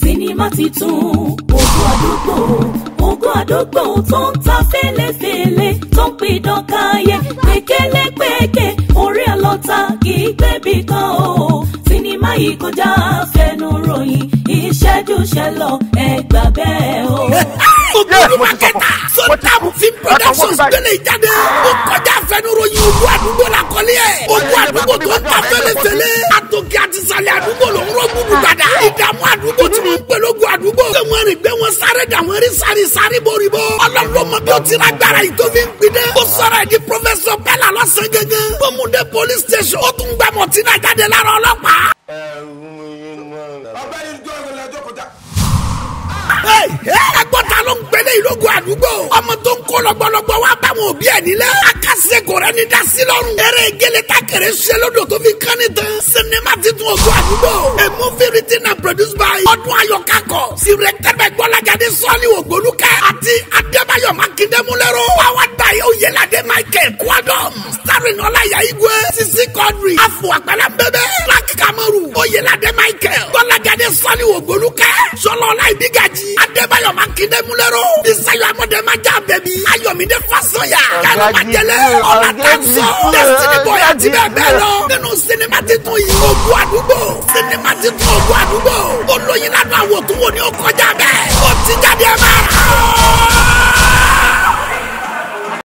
sinimá ti tún ogún àdúgbò ogún àdúgbò tó ń ta fẹ́lẹ́fẹ́lẹ́ tó ń pidán káyé pékélépéké orí àlọ́ta kì í gbẹ́bí kan o sinimá yìí kọjá fẹnu ròyìn ìṣẹ́jú ṣẹlọ ẹgbà bẹ́ẹ̀ o. sọgbẹ́ni mákẹ́tà sọtàmù film productions gbélé ìjáde ó kọjá fẹnu ròyìn ogún àdúgbò làkọ́lé ẹ̀ ogún àdúgbò tó ń ta fẹ́lẹ́fẹ́lẹ́ wọn rìn gbé wọn sáré dà wọn rí sáré sáré bóríbó. ọlọ́run ló mọ bí ó ti ra gbàrà yìí tó fi ń gbin dẹ́. ó sọ̀rọ̀ ẹ̀ di pọ́fẹ́sọ̀ bẹ́là lọ́sàn-án gángan. bọ́mùdé police station ó tún gbà mọ̀tínà jáde lára ọlọ́pàá. ọbẹ̀ yìí ló ń gbélé ìlógo àdúgbò ọmọ tó ń kó lọ́gbọ́lọ́gbọ́ wá báwọn òbí ẹ̀ nílẹ̀ akásẹ̀ kò rẹ́ ní dasí lọ́rùn eré gẹ́lẹ́ ta kẹrẹ ṣe lọ́dọ̀ tó fi kán ní tán sinimá titun ògo àdúgbò a movie written and produced by ọdún ayọ̀ dẹmúlẹ́rọ. àwọn dayo yẹlade michael kwadom. starring ọláyà igwe. sisi kọdri. Afu àgbàlá bẹbẹ. frank kamaru. oyelade michael. tọ́lajade sọ́ni ògbólúkẹ́. sọlọ́lá ìdígàjì. adébáyọ̀ makinde múlẹ́rọ. bisayo amọ̀dẹ́májà bẹ̀bí. ayọ̀mídé fasọ̀yà. kẹlẹ́ majẹlẹ́. ọ̀la tanso. destiny boy àti bẹ́ẹ̀ bẹ́ẹ̀ lọ. nínú sinimá titun yìí. ogun àdúgbò. sinimá titun ogun àdúgbò.